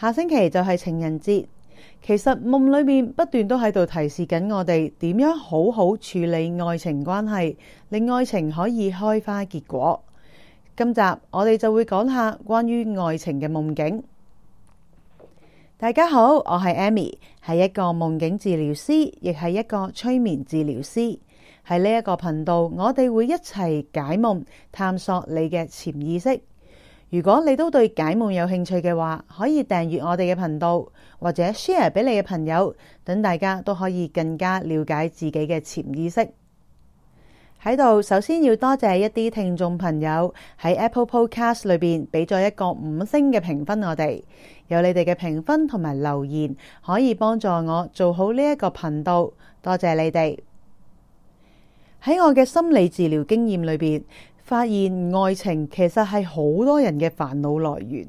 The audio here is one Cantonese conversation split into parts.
下星期就係情人節，其實夢裏面不斷都喺度提示緊我哋點樣好好處理愛情關係，令愛情可以開花結果。今集我哋就會講下關於愛情嘅夢境。大家好，我係 Amy，係一個夢境治療師，亦係一個催眠治療師。喺呢一個頻道，我哋會一齊解夢，探索你嘅潛意識。如果你都對解夢有興趣嘅話，可以訂閱我哋嘅頻道，或者 share 俾你嘅朋友，等大家都可以更加了解自己嘅潛意識。喺度，首先要多謝一啲聽眾朋友喺 Apple Podcast 裏邊俾咗一個五星嘅評分我哋，有你哋嘅評分同埋留言，可以幫助我做好呢一個頻道，多謝你哋。喺我嘅心理治療經驗裏邊，發現愛情其實係好多人嘅煩惱來源。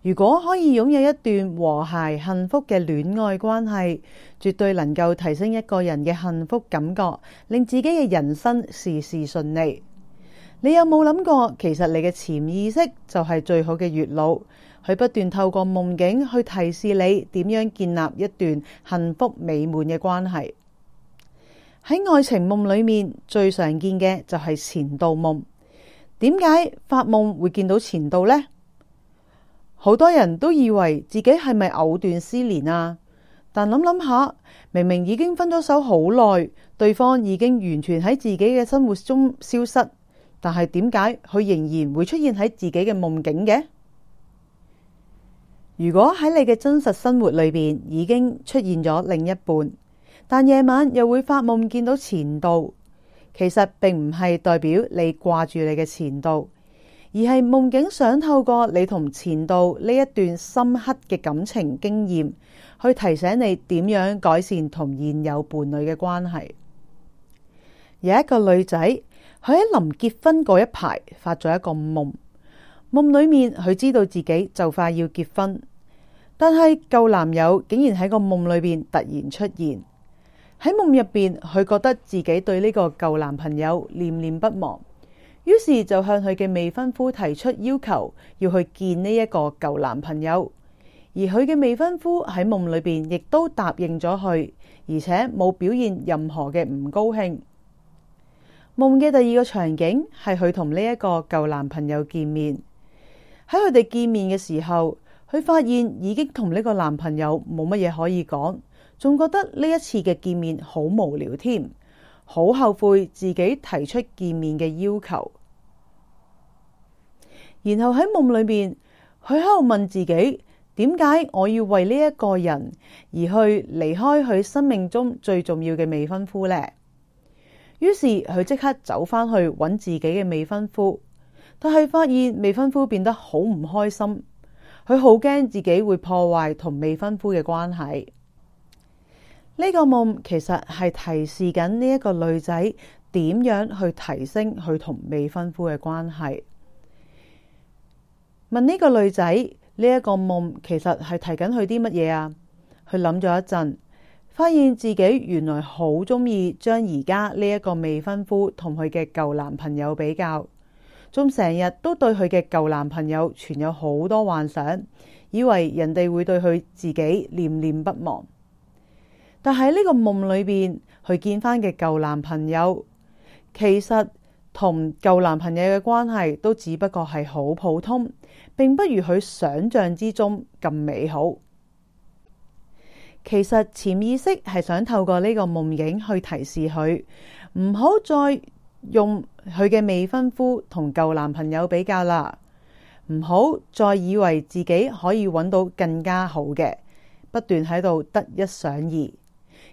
如果可以擁有一段和諧幸福嘅戀愛關係，絕對能夠提升一個人嘅幸福感覺，令自己嘅人生事事順利。你有冇諗過，其實你嘅潛意識就係最好嘅月老，佢不斷透過夢境去提示你點樣建立一段幸福美滿嘅關係。喺愛情夢裏面，最常見嘅就係前度夢。點解發夢會見到前度呢？好多人都以為自己係咪藕斷絲連啊？但諗諗下，明明已經分咗手好耐，對方已經完全喺自己嘅生活中消失，但係點解佢仍然會出現喺自己嘅夢境嘅？如果喺你嘅真實生活裏邊已經出現咗另一半，但夜晚又會發夢見到前度。其實並唔係代表你掛住你嘅前度，而係夢境想透過你同前度呢一段深刻嘅感情經驗，去提醒你點樣改善同現有伴侶嘅關係。有一個女仔，佢喺臨結婚嗰一排發咗一個夢，夢裏面佢知道自己就快要結婚，但係舊男友竟然喺個夢裏邊突然出現。喺夢入邊，佢覺得自己對呢個舊男朋友念念不忘，於是就向佢嘅未婚夫提出要求，要去見呢一個舊男朋友。而佢嘅未婚夫喺夢裏邊亦都答應咗佢，而且冇表現任何嘅唔高興。夢嘅第二個場景係佢同呢一個舊男朋友見面。喺佢哋見面嘅時候，佢發現已經同呢個男朋友冇乜嘢可以講。仲覺得呢一次嘅見面好無聊，添好後悔自己提出見面嘅要求。然後喺夢裏面，佢喺度問自己：點解我要為呢一個人而去離開佢生命中最重要嘅未婚夫呢？於是佢即刻走返去搵自己嘅未婚夫，但係發現未婚夫變得好唔開心，佢好驚自己會破壞同未婚夫嘅關係。呢個夢其實係提示緊呢一個女仔點樣去提升佢同未婚夫嘅關係。問呢個女仔，呢一個夢其實係提緊佢啲乜嘢啊？佢諗咗一陣，發現自己原來好中意將而家呢一個未婚夫同佢嘅舊男朋友比較，仲成日都對佢嘅舊男朋友存有好多幻想，以為人哋會對佢自己念念不忘。但喺呢個夢裏邊，佢見返嘅舊男朋友，其實同舊男朋友嘅關係都只不過係好普通，並不如佢想象之中咁美好。其實潛意識係想透過呢個夢境去提示佢，唔好再用佢嘅未婚夫同舊男朋友比較啦，唔好再以為自己可以揾到更加好嘅，不斷喺度得一想二。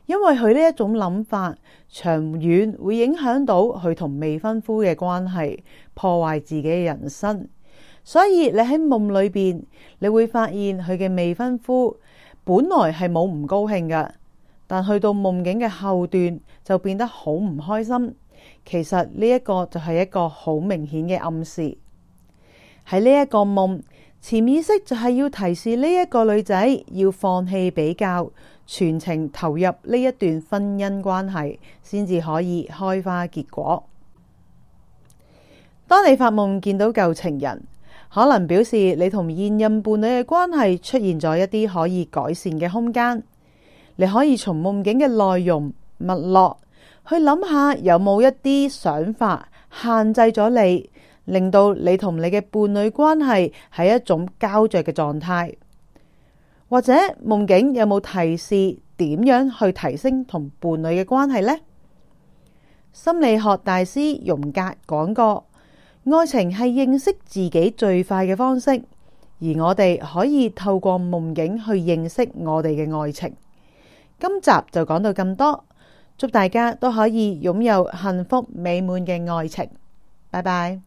因為佢呢一種諗法長遠會影響到佢同未婚夫嘅關係，破壞自己嘅人生。所以你喺夢裏邊，你會發現佢嘅未婚夫本來係冇唔高興嘅，但去到夢境嘅後段就變得好唔開心。其實呢一個就係一個好明顯嘅暗示。喺呢一個夢，潛意識就係要提示呢一個女仔要放棄比較。全程投入呢一段婚姻關係，先至可以開花結果。當你發夢見到舊情人，可能表示你同現任伴侶嘅關係出現咗一啲可以改善嘅空間。你可以從夢境嘅內容脈絡去諗下，有冇一啲想法限制咗你，令到你同你嘅伴侶關係係一種膠着嘅狀態。或者夢境有冇提示點樣去提升同伴侶嘅關係呢？心理學大師榮格講過，愛情係認識自己最快嘅方式，而我哋可以透過夢境去認識我哋嘅愛情。今集就講到咁多，祝大家都可以擁有幸福美滿嘅愛情。拜拜。